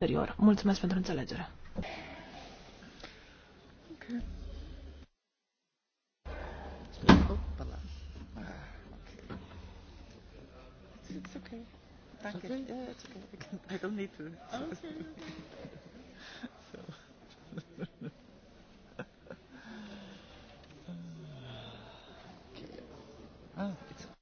ulterior. Mulțumesc pentru înțelegere. Okay. Ah, it's